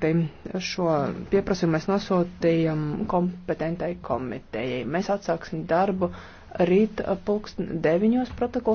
grupi šo pieprasījumu mēs nosūtījām kompetentai komitejai. Mēs atsāksim darbu rīt pulksten deviņos protokols.